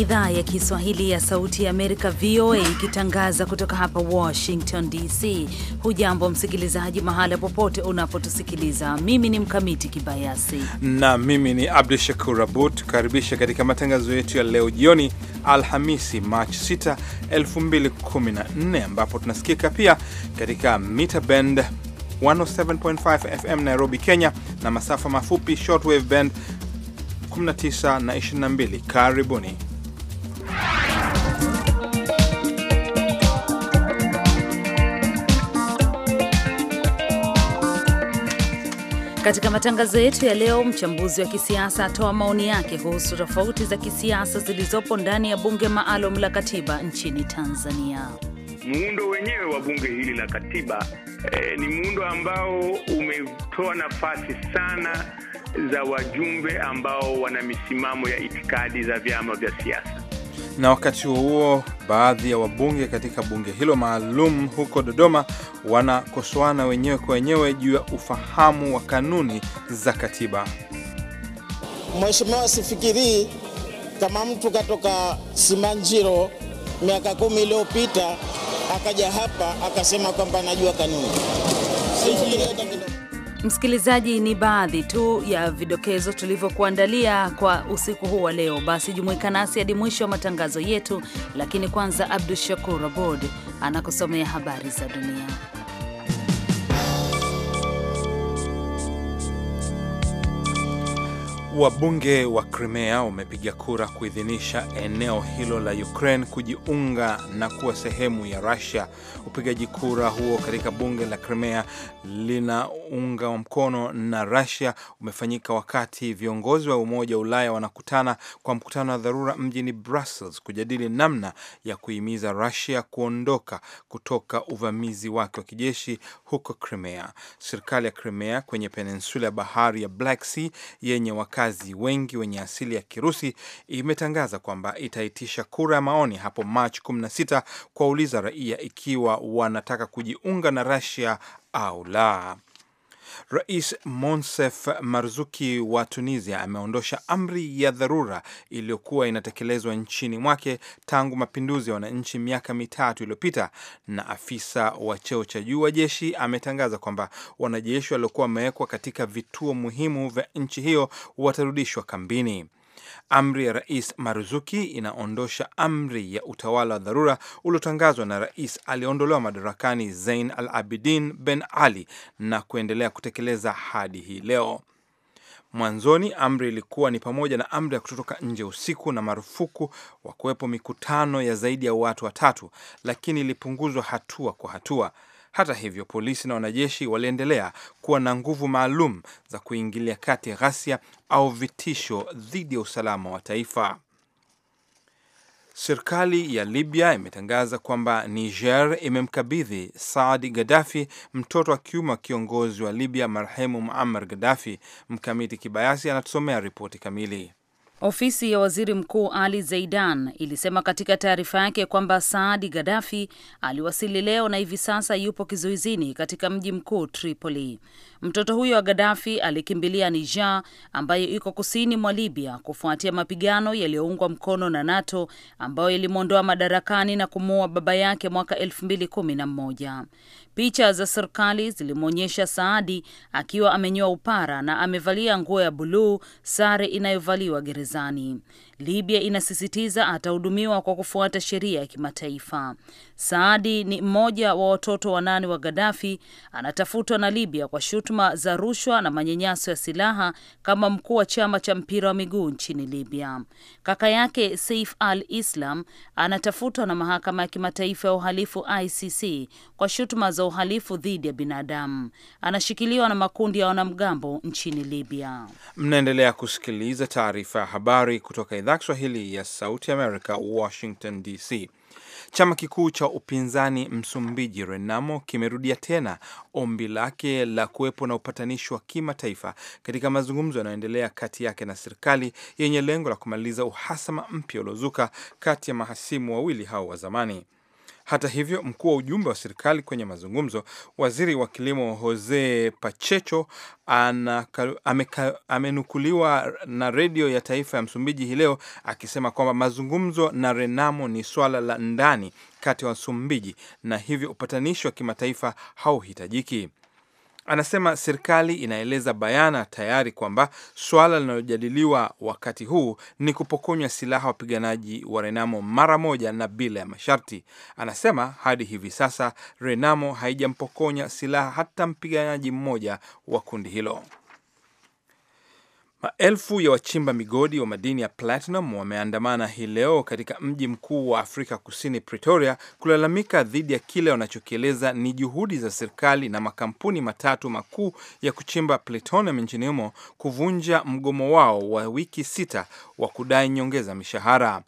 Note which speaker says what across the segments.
Speaker 1: idhaa ya Kiswahili ya Sauti ya Amerika, VOA, ikitangaza kutoka hapa Washington DC. Hujambo msikilizaji, mahala popote unapotusikiliza. Mimi ni Mkamiti Kibayasi
Speaker 2: na mimi ni Abdu Shakur Abud, tukaribisha katika matangazo yetu ya leo jioni, Alhamisi Machi 6, 2014, ambapo tunasikika pia katika mita bend 107.5 FM Nairobi, Kenya, na masafa mafupi shortwave band 19 na 22. Karibuni.
Speaker 1: Katika matangazo yetu ya leo, mchambuzi wa kisiasa atoa maoni yake kuhusu tofauti za kisiasa zilizopo ndani ya bunge maalum la katiba nchini Tanzania.
Speaker 3: Muundo wenyewe wa bunge hili la katiba eh, ni muundo ambao umetoa nafasi sana za wajumbe ambao wana misimamo ya itikadi za vyama vya siasa.
Speaker 2: Na wakati huo baadhi ya wabunge katika bunge hilo maalum huko Dodoma wanakosoana wenyewe kwa wenyewe juu ya ufahamu wa kanuni za katiba.
Speaker 4: Mheshimiwa, sifikirii kama mtu katoka Simanjiro miaka kumi iliyopita akaja hapa akasema kwamba anajua kanuni.
Speaker 1: Msikilizaji, ni baadhi tu ya vidokezo tulivyokuandalia kwa usiku huu wa leo. Basi jumuika nasi hadi mwisho wa matangazo yetu, lakini kwanza Abdu Shakur Abod anakusomea habari za dunia.
Speaker 2: Wabunge wa Crimea wamepiga kura kuidhinisha eneo hilo la Ukraine kujiunga na kuwa sehemu ya Russia. Upigaji kura huo katika bunge la Crimea linaunga mkono na Russia umefanyika wakati viongozi wa Umoja wa Ulaya wanakutana kwa mkutano wa dharura mjini Brussels kujadili namna ya kuhimiza Russia kuondoka kutoka uvamizi wake wa kijeshi huko Crimea. Serikali ya Crimea kwenye peninsula ya bahari ya Black Sea yenye wakati wakazi wengi wenye asili ya Kirusi imetangaza kwamba itaitisha kura ya maoni hapo Machi 16 kuwauliza raia ikiwa wanataka kujiunga na Russia au la. Rais Monsef Marzuki wa Tunisia ameondosha amri ya dharura iliyokuwa inatekelezwa nchini mwake tangu mapinduzi ya wananchi miaka mitatu iliyopita, na afisa wa cheo cha juu wa jeshi ametangaza kwamba wanajeshi waliokuwa wamewekwa katika vituo muhimu vya nchi hiyo watarudishwa kambini. Amri ya rais Maruzuki inaondosha amri ya utawala wa dharura uliotangazwa na rais aliyeondolewa madarakani Zein Al Abidin Ben Ali na kuendelea kutekeleza hadi hii leo. Mwanzoni amri ilikuwa ni pamoja na amri ya kutotoka nje usiku na marufuku wa kuwepo mikutano ya zaidi ya watu watatu, lakini ilipunguzwa hatua kwa hatua. Hata hivyo, polisi na wanajeshi waliendelea kuwa na nguvu maalum za kuingilia kati ghasia au vitisho dhidi ya usalama wa taifa. Serikali ya Libya imetangaza kwamba Niger imemkabidhi Saadi Gaddafi, mtoto wa kiume wa kiongozi wa Libya marehemu Muammar Gaddafi. Mkamiti Kibayasi anatusomea ripoti kamili.
Speaker 1: Ofisi ya waziri mkuu Ali Zeidan ilisema katika taarifa yake kwamba Saadi Gaddafi aliwasili leo na hivi sasa yupo kizuizini katika mji mkuu Tripoli. Mtoto huyo wa Gaddafi alikimbilia Niger ambayo iko kusini mwa Libya kufuatia mapigano yaliyoungwa mkono na NATO ambayo ilimwondoa madarakani na kumuua baba yake mwaka 2011. Picha za serikali zilimwonyesha Saadi akiwa amenyoa upara na amevalia nguo ya buluu, sare inayovaliwa gerezani. Libya inasisitiza atahudumiwa kwa kufuata sheria ya kimataifa. Saadi ni mmoja wa watoto wanane wa Gaddafi, anatafutwa na Libya kwa shutuma za rushwa na manyanyaso ya silaha kama mkuu wa chama cha mpira wa miguu nchini Libya. Kaka yake Saif al-Islam anatafutwa na mahakama ya kimataifa ya uhalifu ICC kwa shutuma za uhalifu dhidi ya binadamu. Anashikiliwa na makundi ya wanamgambo nchini Libya.
Speaker 2: Mnaendelea kusikiliza taarifa ya habari kutoka idhaa Kiswahili ya Sauti Amerika, Washington DC. Chama kikuu cha upinzani Msumbiji, Renamo, kimerudia tena ombi lake la kuwepo na upatanishi wa kimataifa katika mazungumzo yanayoendelea kati yake na serikali yenye lengo la kumaliza uhasama mpya uliozuka kati ya mahasimu wawili hao wa zamani. Hata hivyo, mkuu wa ujumbe wa serikali kwenye mazungumzo, waziri wa kilimo Jose Pacheco amenukuliwa na redio ya taifa ya Msumbiji hii leo akisema kwamba mazungumzo na Renamo ni swala la ndani kati ya Wasumbiji na hivyo upatanishi wa kimataifa hauhitajiki. Anasema serikali inaeleza bayana tayari kwamba suala linalojadiliwa wakati huu ni kupokonywa silaha wapiganaji wa Renamo mara moja na bila ya masharti. Anasema hadi hivi sasa Renamo haijampokonya silaha hata mpiganaji mmoja wa kundi hilo. Maelfu ya wachimba migodi wa madini ya platinum wameandamana hii leo katika mji mkuu wa Afrika Kusini, Pretoria, kulalamika dhidi ya kile wanachokieleza ni juhudi za serikali na makampuni matatu makuu ya kuchimba plutonium nchini humo kuvunja mgomo wao wa wiki sita wa kudai nyongeza mishahara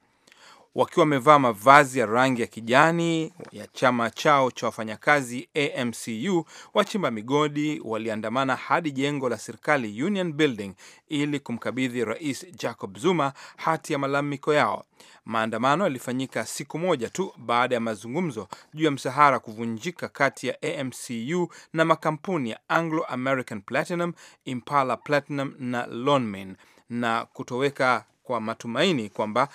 Speaker 2: wakiwa wamevaa mavazi ya rangi ya kijani ya chama chao cha wafanyakazi AMCU, wachimba migodi waliandamana hadi jengo la serikali Union Building ili kumkabidhi Rais Jacob Zuma hati ya malalamiko yao. Maandamano yalifanyika siku moja tu baada ya mazungumzo juu ya msahara kuvunjika kati ya AMCU na makampuni ya Anglo American Platinum, Impala Platinum na Lonmin na kutoweka kwa matumaini kwamba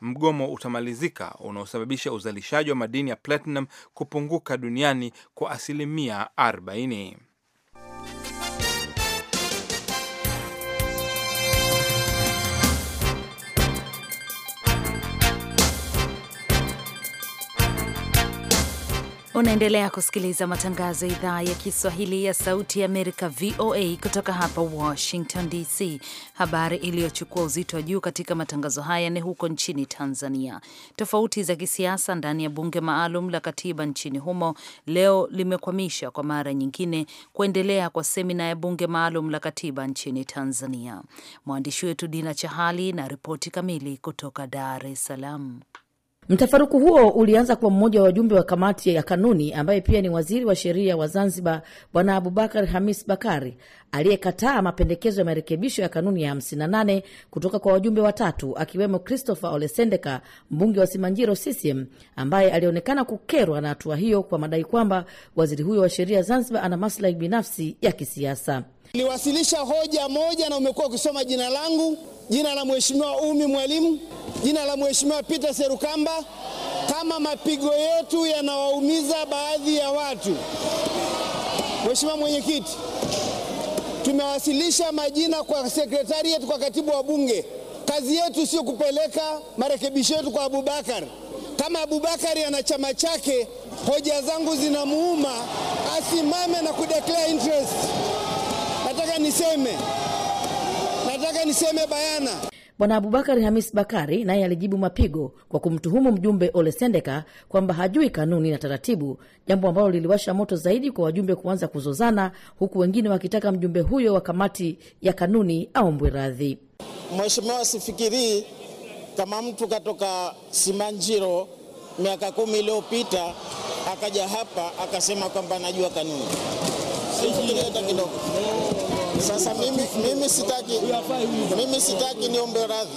Speaker 2: mgomo utamalizika unaosababisha uzalishaji wa madini ya platinum kupunguka duniani kwa asilimia 40.
Speaker 1: Unaendelea kusikiliza matangazo ya idhaa ya Kiswahili ya Sauti ya Amerika, VOA, kutoka hapa Washington DC. Habari iliyochukua uzito wa juu katika matangazo haya ni huko nchini Tanzania. Tofauti za kisiasa ndani ya bunge maalum la katiba nchini humo leo limekwamisha kwa mara nyingine kuendelea kwa semina ya bunge maalum la katiba nchini Tanzania. Mwandishi wetu Dina Chahali na ripoti kamili kutoka Dar es Salaam.
Speaker 5: Mtafaruku huo ulianza kwa mmoja wa wajumbe wa kamati ya kanuni ambaye pia ni waziri wa sheria wa Zanzibar, Bwana Abubakar Hamis Bakari aliyekataa mapendekezo ya marekebisho ya kanuni ya 58 kutoka kwa wajumbe watatu akiwemo Christopher Olesendeka, mbunge wa Simanjiro CCM, ambaye alionekana kukerwa na hatua hiyo kwa madai kwamba waziri huyo wa sheria Zanzibar ana maslahi binafsi ya kisiasa.
Speaker 4: Niwasilisha hoja moja na umekuwa ukisoma jina langu, jina la Mheshimiwa Umi Mwalimu, jina la Mheshimiwa Peter Serukamba.
Speaker 2: Kama mapigo yetu yanawaumiza baadhi ya watu, Mheshimiwa Mwenyekiti, tumewasilisha majina kwa sekretariat, kwa katibu wa Bunge. Kazi yetu sio kupeleka marekebisho yetu kwa Abubakar. Kama abubakari ana chama chake, hoja zangu zinamuuma, asimame na kudeclare interest niseme, nataka niseme bayana.
Speaker 5: Bwana Abubakar Hamis Bakari naye alijibu mapigo kwa kumtuhumu mjumbe Ole Sendeka kwamba hajui kanuni na taratibu, jambo ambalo liliwasha moto zaidi kwa wajumbe kuanza kuzozana, huku wengine wakitaka mjumbe huyo wa kamati ya kanuni aombwe radhi.
Speaker 4: Mheshimiwa, sifikirii kama mtu katoka Simanjiro miaka kumi iliyopita akaja hapa akasema kwamba anajua kanuni kidogo kidogo. Sasa mimi, mimi sitaki, mimi sitaki niombe radhi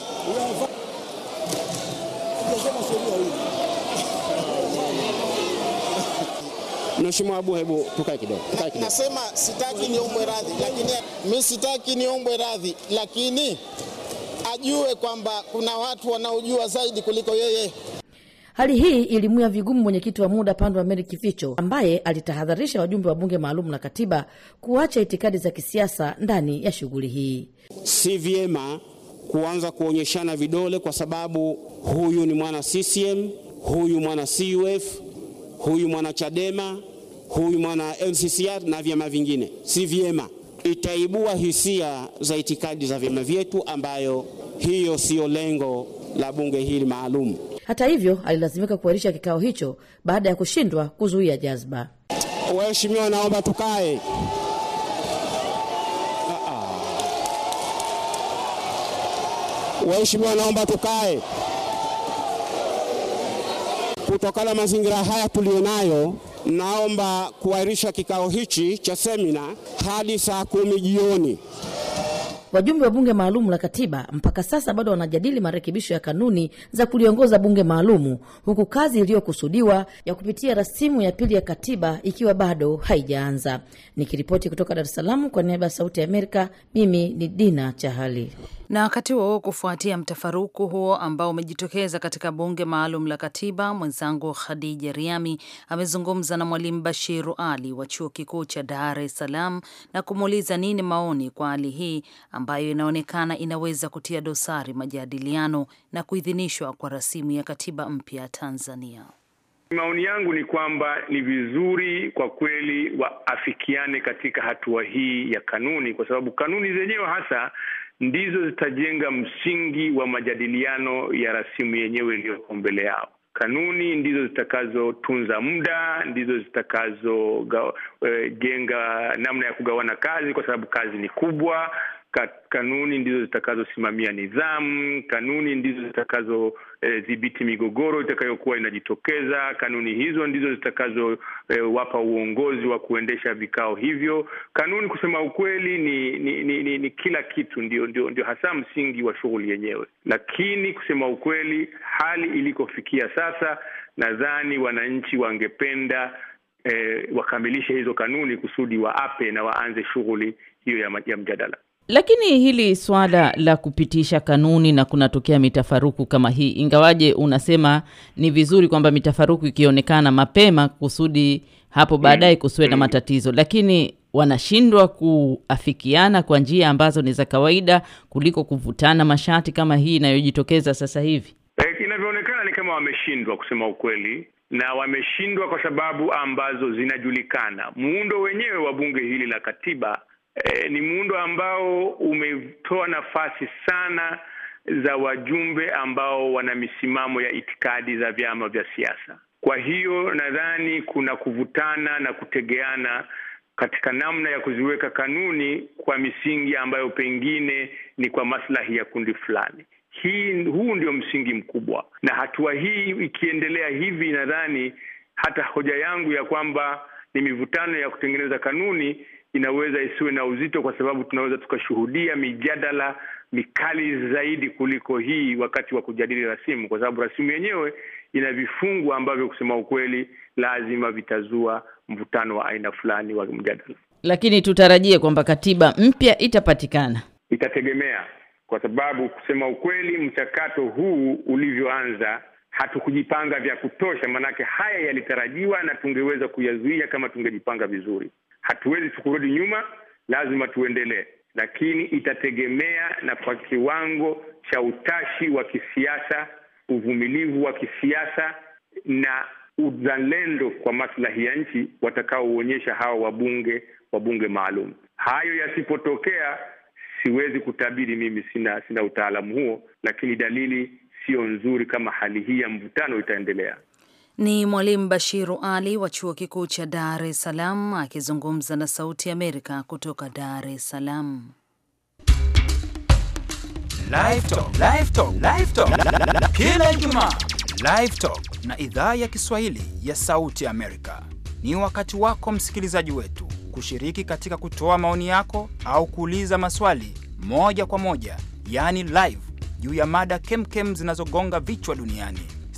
Speaker 3: Mheshimiwa Abu, hebu tukae kidogo, Nasema
Speaker 4: sitaki niombwe radhi, lakini mimi sitaki niombwe radhi, lakini ajue kwamba kuna watu wanaojua zaidi kuliko yeye.
Speaker 5: Hali hii ilimwia vigumu mwenyekiti wa muda wa Meri Kificho, ambaye alitahadharisha wajumbe wa bunge maalum na katiba kuacha itikadi za kisiasa ndani ya shughuli hii.
Speaker 3: Si vyema kuanza kuonyeshana vidole, kwa sababu huyu ni mwana CCM, huyu mwana CUF, huyu mwana Chadema, huyu mwana NCCR na vyama vingine. Si vyema, itaibua hisia za itikadi za vyama vyetu, ambayo hiyo siyo lengo la bunge hili maalum.
Speaker 5: Hata hivyo, alilazimika kuahirisha kikao hicho baada ya kushindwa kuzuia jazba.
Speaker 3: Waheshimiwa, naomba tukae. Waheshimiwa, naomba tukae. Kutokana na mazingira haya tuliyonayo, naomba kuahirisha kikao hichi cha semina hadi saa kumi jioni. Wajumbe wa bunge maalum la
Speaker 5: katiba mpaka sasa bado wanajadili marekebisho ya kanuni za kuliongoza bunge maalumu, huku kazi iliyokusudiwa ya kupitia rasimu ya pili ya katiba ikiwa bado haijaanza. Nikiripoti kutoka Dar es Salaam kwa niaba ya Sauti ya Amerika, mimi ni Dina Chahali.
Speaker 1: Na wakati huo kufuatia mtafaruku huo ambao umejitokeza katika bunge maalum la katiba, mwenzangu Khadija Riami amezungumza na Mwalimu Bashiru Ali wa chuo kikuu cha Dar es Salaam na kumuuliza nini maoni kwa hali hii ambayo inaonekana inaweza kutia dosari majadiliano na kuidhinishwa kwa rasimu ya katiba mpya Tanzania.
Speaker 3: Maoni yangu ni kwamba ni vizuri kwa kweli waafikiane katika hatua hii ya kanuni, kwa sababu kanuni zenyewe hasa ndizo zitajenga msingi wa majadiliano ya rasimu yenyewe iliyoko mbele yao. Kanuni ndizo zitakazotunza muda, ndizo zitakazojenga eh, e, namna ya kugawana kazi, kwa sababu kazi ni kubwa kanuni ndizo zitakazosimamia nidhamu, kanuni ndizo zitakazodhibiti eh, e, migogoro itakayokuwa inajitokeza. Kanuni hizo ndizo zitakazowapa eh, e, uongozi wa kuendesha vikao hivyo. Kanuni kusema ukweli ni ni, ni, ni, ni kila kitu, ndio, ndio, ndio hasa msingi wa shughuli yenyewe. Lakini kusema ukweli, hali ilikofikia sasa, nadhani wananchi wangependa E, wakamilishe hizo kanuni kusudi waape na waanze shughuli hiyo ya, ya mjadala.
Speaker 6: Lakini hili swala la kupitisha kanuni na kunatokea mitafaruku kama hii, ingawaje unasema ni vizuri kwamba mitafaruku ikionekana mapema kusudi hapo mm-hmm. baadaye kusiwe na mm-hmm. matatizo, lakini wanashindwa kuafikiana kwa njia ambazo ni za kawaida kuliko kuvutana mashati kama hii inayojitokeza sasa hivi.
Speaker 3: E, inavyoonekana ni kama wameshindwa kusema ukweli na wameshindwa kwa sababu ambazo zinajulikana. Muundo wenyewe wa bunge hili la katiba e, ni muundo ambao umetoa nafasi sana za wajumbe ambao wana misimamo ya itikadi za vyama vya siasa. Kwa hiyo nadhani kuna kuvutana na kutegeana katika namna ya kuziweka kanuni kwa misingi ambayo pengine ni kwa maslahi ya kundi fulani. Hii, huu ndio msingi mkubwa, na hatua hii ikiendelea hivi, nadhani hata hoja yangu ya kwamba ni mivutano ya kutengeneza kanuni inaweza isiwe na uzito, kwa sababu tunaweza tukashuhudia mijadala mikali zaidi kuliko hii wakati wa kujadili rasimu, kwa sababu rasimu yenyewe ina vifungu ambavyo kusema ukweli lazima vitazua mvutano wa aina fulani wa mjadala.
Speaker 6: Lakini tutarajie kwamba katiba mpya itapatikana,
Speaker 3: itategemea, kwa sababu kusema ukweli mchakato huu ulivyoanza hatukujipanga vya kutosha, maanake haya yalitarajiwa na tungeweza kuyazuia kama tungejipanga vizuri. Hatuwezi tukurudi nyuma, lazima tuendelee, lakini itategemea na kwa kiwango cha utashi wa kisiasa, uvumilivu wa kisiasa na uzalendo kwa maslahi ya nchi watakaoonyesha hawa wabunge wabunge maalum. Hayo yasipotokea, siwezi kutabiri mimi, sina sina utaalamu huo, lakini dalili sio nzuri kama hali hii ya mvutano itaendelea.
Speaker 1: Ni Mwalimu Bashiru Ali wa Chuo Kikuu cha Dar es Salaam akizungumza na Sauti ya Amerika kutoka Dar es Salaam.
Speaker 2: Kila Ijumaa Live Talk na idhaa ya Kiswahili ya Sauti Amerika ni wakati wako msikilizaji wetu kushiriki katika kutoa maoni yako au kuuliza maswali moja kwa moja, yaani live, juu ya mada kemkem zinazogonga vichwa duniani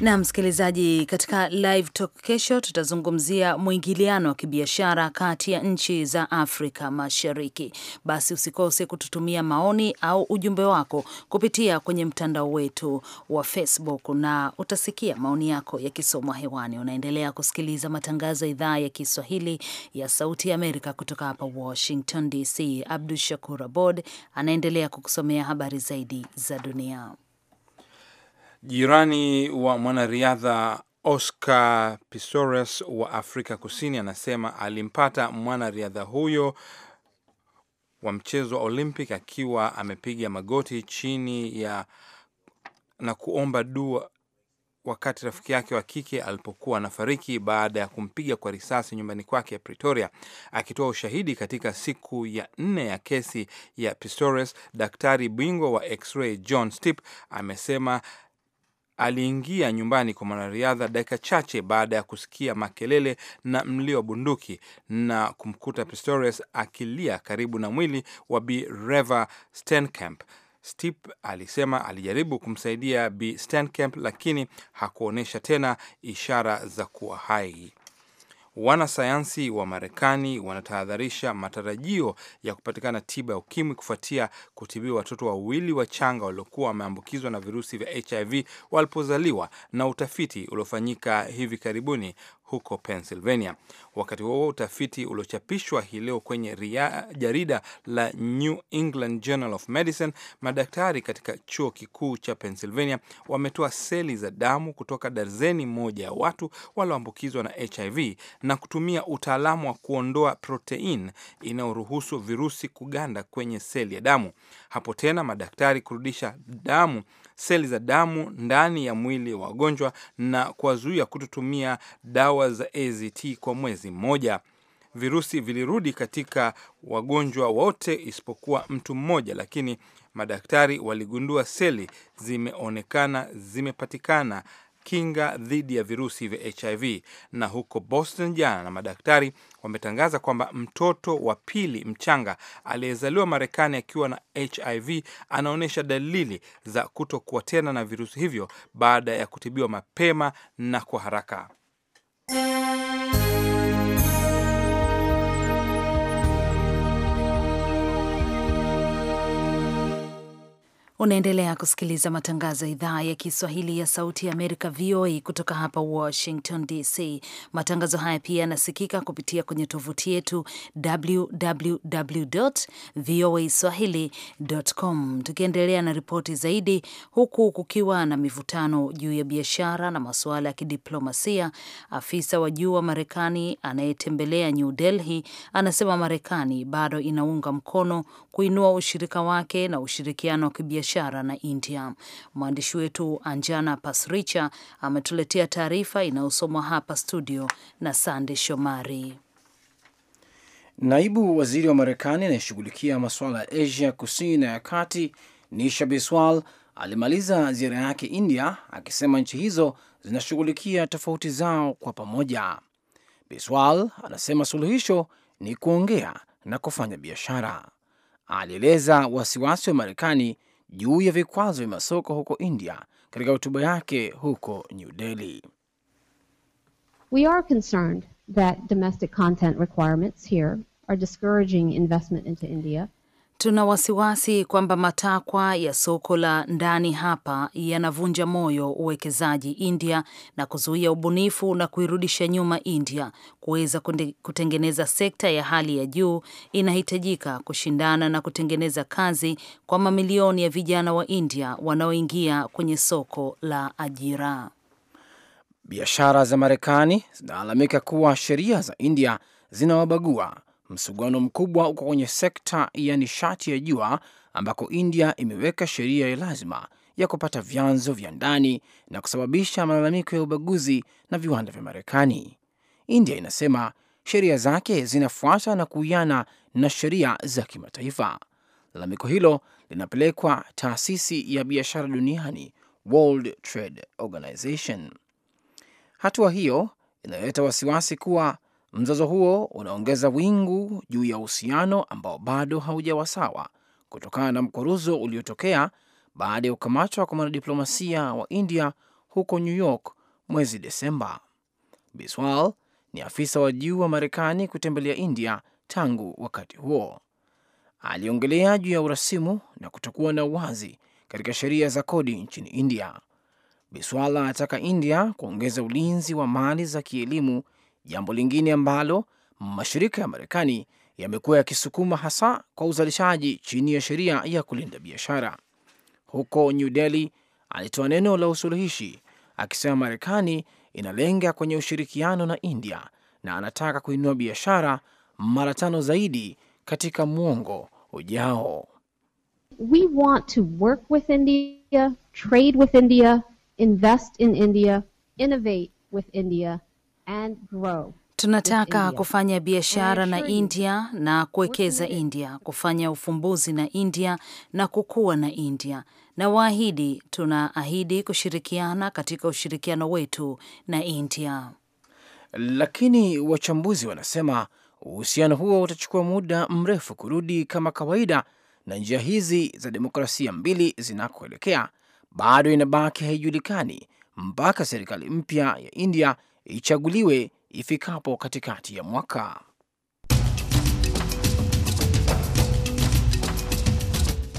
Speaker 1: Na msikilizaji, katika live talk kesho tutazungumzia mwingiliano wa kibiashara kati ya nchi za Afrika Mashariki. Basi usikose kututumia maoni au ujumbe wako kupitia kwenye mtandao wetu wa Facebook na utasikia maoni yako yakisomwa hewani. Unaendelea kusikiliza matangazo ya idhaa ya Kiswahili ya Sauti ya Amerika kutoka hapa Washington DC. Abdu Shakur Abod anaendelea kukusomea habari zaidi za dunia.
Speaker 2: Jirani wa mwanariadha Oscar Pistorius wa Afrika Kusini anasema alimpata mwanariadha huyo wa mchezo wa Olympic akiwa amepiga magoti chini ya na kuomba dua wakati rafiki yake wa kike alipokuwa anafariki baada ya kumpiga kwa risasi nyumbani kwake ya Pretoria. Akitoa ushahidi katika siku ya nne ya kesi ya Pistorius, daktari bingwa wa x-ray John Stipe amesema aliingia nyumbani kwa mwanariadha dakika chache baada ya kusikia makelele na mlio wa bunduki na kumkuta Pistorius akilia karibu na mwili wa Bi Reva Steenkamp. Stip alisema alijaribu kumsaidia Bi Steenkamp lakini hakuonyesha tena ishara za kuwa hai. Wanasayansi wa Marekani wanatahadharisha matarajio ya kupatikana tiba ya ukimwi kufuatia kutibiwa watoto wawili wachanga waliokuwa wameambukizwa na virusi vya HIV walipozaliwa na utafiti uliofanyika hivi karibuni huko Pennsylvania. Wakati huo utafiti uliochapishwa hii leo kwenye ria, jarida la New England Journal of Medicine, madaktari katika chuo kikuu cha Pennsylvania wametoa seli za damu kutoka darzeni moja ya watu walioambukizwa na HIV na kutumia utaalamu wa kuondoa protein inayoruhusu virusi kuganda kwenye seli ya damu. Hapo tena madaktari kurudisha damu seli za damu ndani ya mwili wa wagonjwa na kuwazuia kutotumia dawa za AZT kwa mwezi mmoja. Virusi vilirudi katika wagonjwa wote isipokuwa mtu mmoja, lakini madaktari waligundua seli zimeonekana zimepatikana kinga dhidi ya virusi vya HIV. Na huko Boston jana, na madaktari wametangaza kwamba mtoto wa pili mchanga aliyezaliwa Marekani akiwa na HIV anaonyesha dalili za kutokuwa tena na virusi hivyo baada ya kutibiwa mapema na kwa haraka.
Speaker 1: Unaendelea kusikiliza matangazo ya idhaa ya Kiswahili ya Sauti ya Amerika, VOA, kutoka hapa Washington DC. Matangazo haya pia yanasikika kupitia kwenye tovuti yetu www voa swahili.com. Tukiendelea na ripoti zaidi, huku kukiwa na mivutano juu ya biashara na masuala ya kidiplomasia, afisa wa juu wa Marekani anayetembelea New Delhi anasema Marekani bado inaunga mkono kuinua ushirika wake na ushirikiano wa kibiashara biashara na India. Mwandishi wetu Anjana Pasricha ametuletea taarifa inayosomwa hapa studio na Sande Shomari.
Speaker 4: Naibu waziri wa Marekani anayeshughulikia masuala ya Asia kusini na ya kati Nisha Biswal alimaliza ziara yake India akisema nchi hizo zinashughulikia tofauti zao kwa pamoja. Biswal anasema suluhisho ni kuongea na kufanya biashara. Alieleza wasiwasi wa Marekani juu ya vikwazo vya masoko huko India katika hotuba yake huko New Delhi.
Speaker 1: We are concerned that domestic content requirements here are discouraging investment into India. Tuna wasiwasi kwamba matakwa ya soko la ndani hapa yanavunja moyo uwekezaji India na kuzuia ubunifu na kuirudisha nyuma India kuweza kutengeneza sekta ya hali ya juu inahitajika kushindana na kutengeneza kazi kwa mamilioni ya vijana wa India wanaoingia kwenye soko la ajira.
Speaker 4: Biashara za Marekani zinalalamika kuwa sheria za India zinawabagua Msuguano mkubwa uko kwenye sekta ya nishati ya jua ambako India imeweka sheria ya lazima ya kupata vyanzo vya ndani na kusababisha malalamiko ya ubaguzi na viwanda vya Marekani. India inasema sheria zake zinafuata na kuiana na sheria za kimataifa. Lalamiko hilo linapelekwa taasisi ya biashara duniani World Trade Organization. Hatua hiyo inaleta wasiwasi kuwa Mzozo huo unaongeza wingu juu ya uhusiano ambao bado haujawa sawa kutokana na mkuruzo uliotokea baada ya kukamatwa kwa mwanadiplomasia wa India huko New York mwezi Desemba. Biswal ni afisa wa juu wa Marekani kutembelea India tangu wakati huo. Aliongelea juu ya urasimu na kutokuwa na uwazi katika sheria za kodi nchini India. biswal anataka India kuongeza ulinzi wa mali za kielimu jambo lingine ambalo mashirika ya Marekani yamekuwa yakisukuma hasa kwa uzalishaji chini ya sheria ya kulinda biashara. Huko New Delhi alitoa neno la usuluhishi akisema Marekani inalenga kwenye ushirikiano na India na anataka kuinua biashara mara tano zaidi katika mwongo ujao.
Speaker 5: We want to work with India, trade with India, invest in India, innovate with India Tunataka kufanya
Speaker 1: biashara na India na kuwekeza India, kufanya ufumbuzi na India na kukua na India na waahidi, tunaahidi kushirikiana katika ushirikiano wetu na India.
Speaker 4: Lakini wachambuzi wanasema uhusiano huo utachukua muda mrefu kurudi kama kawaida, na njia hizi za demokrasia mbili zinakoelekea bado inabaki haijulikani mpaka serikali mpya ya India ichaguliwe ifikapo katikati ya mwaka.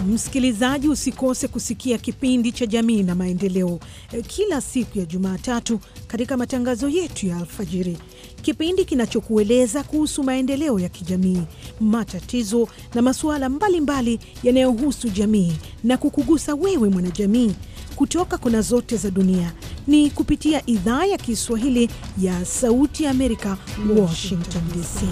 Speaker 1: Msikilizaji, usikose kusikia kipindi cha Jamii na Maendeleo eh, kila siku ya Jumatatu katika matangazo yetu ya alfajiri, kipindi kinachokueleza kuhusu maendeleo ya kijamii, matatizo na masuala mbalimbali yanayohusu jamii na kukugusa wewe mwanajamii kutoka kona zote za dunia ni kupitia idhaa ya Kiswahili ya Sauti Amerika, Washington DC.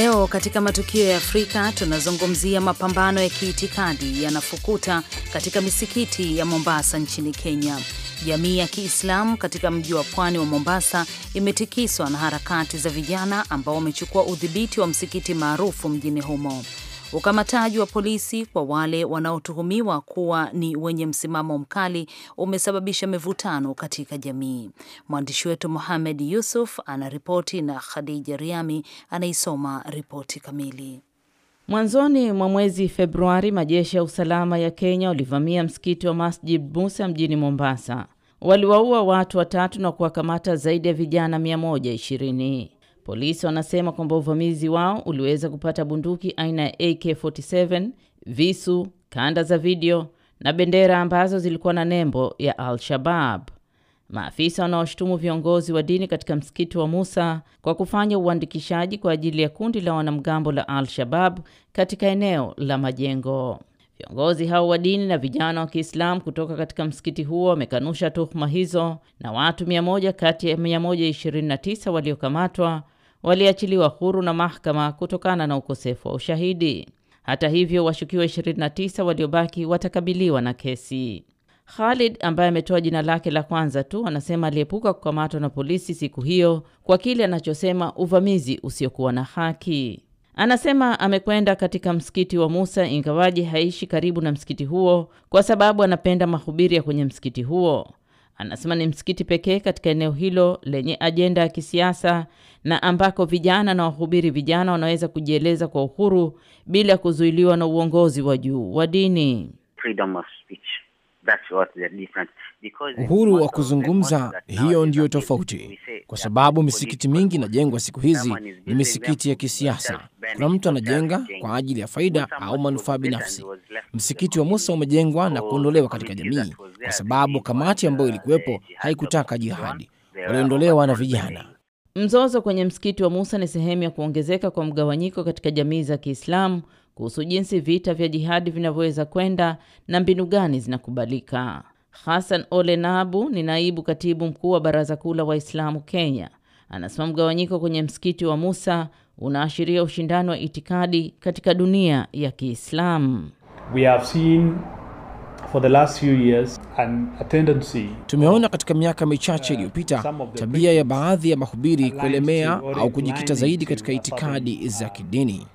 Speaker 1: Leo katika matukio ya Afrika tunazungumzia mapambano ya kiitikadi yanafukuta katika misikiti ya Mombasa nchini Kenya. Jamii ya Kiislamu katika mji wa pwani wa Mombasa imetikiswa na harakati za vijana ambao wamechukua udhibiti wa msikiti maarufu mjini humo. Ukamataji wa polisi kwa wale wanaotuhumiwa kuwa ni wenye msimamo mkali umesababisha mivutano katika jamii. Mwandishi wetu muhamed Yusuf anaripoti na Khadija Riami anaisoma ripoti kamili.
Speaker 6: Mwanzoni mwa mwezi Februari, majeshi ya usalama ya Kenya walivamia msikiti wa Masjid Musa mjini Mombasa. Waliwaua watu watatu na kuwakamata zaidi ya vijana 120. Polisi wanasema kwamba uvamizi wao uliweza kupata bunduki aina ya AK47, visu, kanda za video na bendera ambazo zilikuwa na nembo ya Al-Shabab. Maafisa wanaoshutumu viongozi wa dini katika msikiti wa Musa kwa kufanya uandikishaji kwa ajili ya kundi la wanamgambo la Al-Shabab katika eneo la majengo. Viongozi hao wa dini na vijana wa Kiislamu kutoka katika msikiti huo wamekanusha tuhuma hizo na watu 100 kati ya 129 waliokamatwa waliachiliwa huru na mahakama kutokana na ukosefu wa ushahidi. Hata hivyo, washukiwa 29 waliobaki watakabiliwa na kesi. Khalid ambaye ametoa jina lake la kwanza tu anasema aliepuka kukamatwa na polisi siku hiyo kwa kile anachosema uvamizi usiokuwa na haki. Anasema amekwenda katika msikiti wa Musa ingawaji haishi karibu na msikiti huo kwa sababu anapenda mahubiri ya kwenye msikiti huo. Anasema ni msikiti pekee katika eneo hilo lenye ajenda ya kisiasa na ambako vijana na wahubiri vijana wanaweza kujieleza kwa uhuru bila kuzuiliwa na uongozi wa juu wa dini.
Speaker 4: Freedom of speech uhuru wa kuzungumza. Hiyo ndiyo tofauti, kwa sababu misikiti mingi inajengwa siku hizi ni misikiti ya kisiasa. Kuna mtu anajenga kwa ajili ya faida au manufaa binafsi. Msikiti wa Musa umejengwa na kuondolewa katika jamii kwa sababu kamati ambayo ilikuwepo haikutaka jihadi, waliondolewa na vijana.
Speaker 6: Mzozo kwenye msikiti wa Musa ni sehemu ya kuongezeka kwa mgawanyiko katika jamii za Kiislamu kuhusu jinsi vita vya jihadi vinavyoweza kwenda na mbinu gani zinakubalika. Hassan Ole Nabu ni naibu katibu mkuu wa Baraza Kuu la Waislamu Kenya, anasema mgawanyiko kwenye msikiti wa Musa unaashiria ushindani wa itikadi katika dunia ya Kiislamu.
Speaker 4: Tumeona katika miaka michache uh, iliyopita tabia ya baadhi ya mahubiri kuelemea au kujikita zaidi katika itikadi za kidini.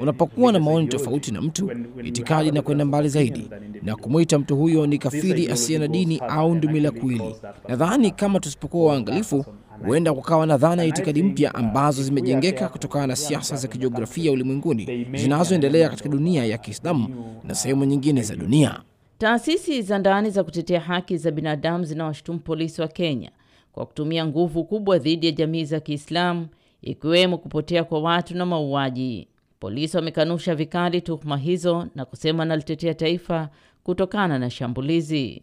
Speaker 4: Unapokuwa na maoni tofauti na mtu, itikadi kwenda mbali zaidi na kumwita mtu huyo ni kafiri asiye na dini au ndumila kuili. Nadhani kama tusipokuwa waangalifu, huenda kukawa na dhana ya itikadi mpya ambazo zimejengeka kutokana na siasa za kijiografia ulimwenguni zinazoendelea katika dunia ya Kiislamu na sehemu nyingine za dunia.
Speaker 6: Taasisi za ndani za kutetea haki za binadamu zinawashutumu polisi wa Kenya kwa kutumia nguvu kubwa dhidi ya jamii za Kiislamu ikiwemo kupotea kwa watu na mauaji. Polisi wamekanusha vikali tuhuma hizo na kusema analitetea taifa kutokana na shambulizi.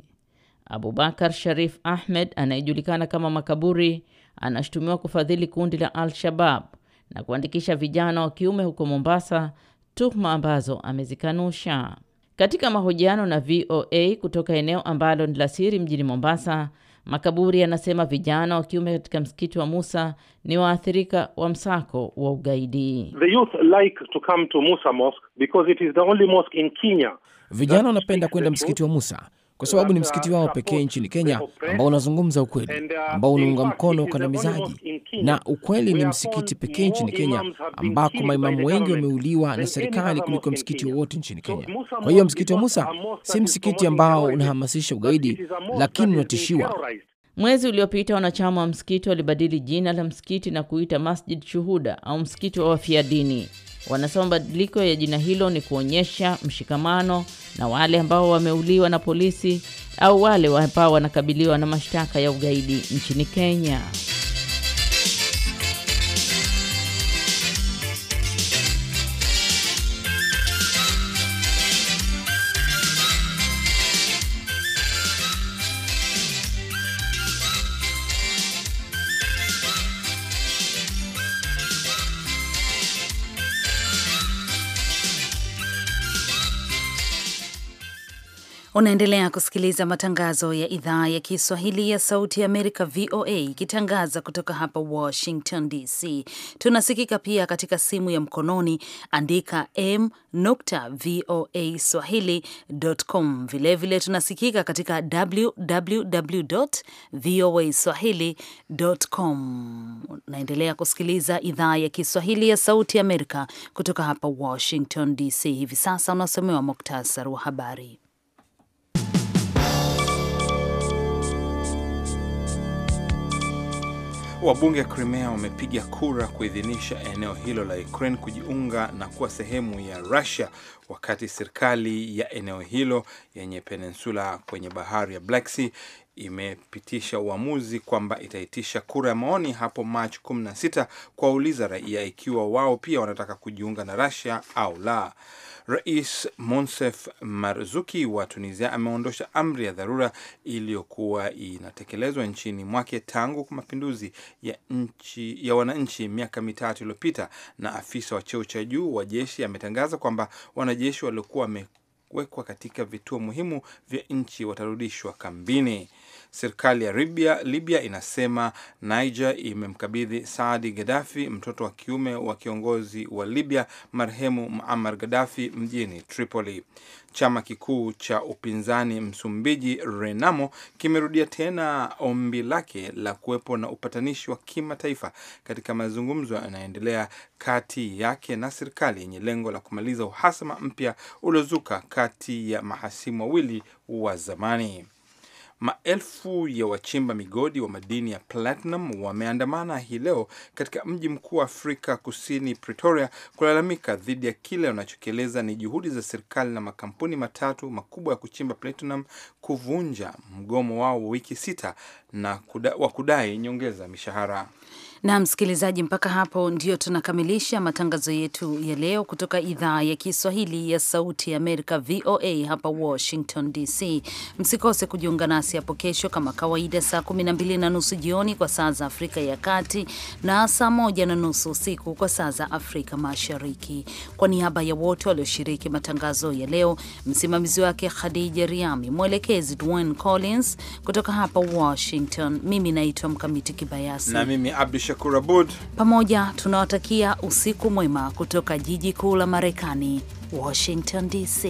Speaker 6: Abubakar Sharif Ahmed anayejulikana kama Makaburi anashutumiwa kufadhili kundi la Al-Shabab na kuandikisha vijana wa kiume huko Mombasa, tuhuma ambazo amezikanusha. Katika mahojiano na VOA kutoka eneo ambalo ni la siri mjini Mombasa, Makaburi anasema vijana wa kiume katika msikiti wa Musa ni waathirika wa msako wa ugaidi.
Speaker 3: The youth like to come to Musa mosque because it is the only mosque in Kenya.
Speaker 4: Vijana wanapenda kwenda msikiti wa Musa kwa sababu ni msikiti wao pekee nchini Kenya uh, ambao unazungumza ukweli, uh, ambao unaunga mkono ukandamizaji na ukweli ni msikiti pekee nchini Kenya ambako maimamu wengi wameuliwa na serikali kuliko msikiti wowote nchini Kenya. Kwa hiyo msikiti wa Musa si msikiti ambao unahamasisha ugaidi, lakini unatishiwa.
Speaker 6: Mwezi uliopita wanachama wa msikiti walibadili jina la msikiti na kuita Masjid Shuhuda au msikiti wa wafia dini. Wanasema mabadiliko ya jina hilo ni kuonyesha mshikamano na wale ambao wameuliwa na polisi au wale ambao wanakabiliwa na mashtaka ya ugaidi nchini Kenya.
Speaker 1: Unaendelea kusikiliza matangazo ya idhaa ya Kiswahili ya Sauti ya Amerika, VOA, ikitangaza kutoka hapa Washington DC. Tunasikika pia katika simu ya mkononi, andika m voa swahili.com. Vilevile tunasikika katika www voa swahili.com. Unaendelea kusikiliza idhaa ya Kiswahili ya Sauti ya Amerika kutoka hapa Washington DC. Hivi sasa unasomewa muktasari wa habari.
Speaker 2: Wabunge wa krimea wamepiga kura kuidhinisha eneo hilo la Ukraine kujiunga na kuwa sehemu ya Russia, wakati serikali ya eneo hilo yenye peninsula kwenye bahari ya Black Sea imepitisha uamuzi kwamba itaitisha kura ya maoni hapo Machi 16 kuwauliza raia ikiwa wao pia wanataka kujiunga na Russia au la. Rais Monsef Marzuki wa Tunisia ameondosha amri ya dharura iliyokuwa inatekelezwa nchini mwake tangu kwa mapinduzi ya nchi ya wananchi miaka mitatu iliyopita, na afisa wa cheo cha juu wa jeshi ametangaza kwamba wanajeshi waliokuwa wamewekwa katika vituo muhimu vya nchi watarudishwa kambini. Serikali ya Libya, Libya inasema Niger imemkabidhi Saadi Gaddafi, mtoto wa kiume wa kiongozi wa Libya marehemu Muammar Gaddafi, mjini Tripoli. Chama kikuu cha upinzani Msumbiji Renamo kimerudia tena ombi lake la kuwepo na upatanishi wa kimataifa katika mazungumzo yanayoendelea kati yake na serikali yenye lengo la kumaliza uhasama mpya uliozuka kati ya mahasimu wawili wa zamani. Maelfu ya wachimba migodi wa madini ya platinum wameandamana hii leo katika mji mkuu wa Afrika Kusini, Pretoria, kulalamika dhidi ya kile wanachokieleza ni juhudi za serikali na makampuni matatu makubwa ya kuchimba platinum kuvunja mgomo wao wa wiki sita na kuda, wa kudai nyongeza mishahara.
Speaker 1: Na msikilizaji, mpaka hapo ndio tunakamilisha matangazo yetu ya leo kutoka idhaa ya Kiswahili ya Sauti ya Amerika, VOA hapa Washington DC. Msikose kujiunga nasi hapo kesho kama kawaida, saa 12 na nusu jioni kwa saa za Afrika ya Kati na saa moja na nusu usiku kwa saa za Afrika Mashariki. Kwa niaba ya wote walioshiriki matangazo ya leo, msimamizi wake Khadija Riami, mwelekezi Dwayne Collins, kutoka hapa Washington Washington. Mimi naitwa Mkamiti Kibayasi na
Speaker 2: mimi Abdu Shakur Abud,
Speaker 1: pamoja tunawatakia usiku mwema kutoka jiji kuu la Marekani, Washington DC.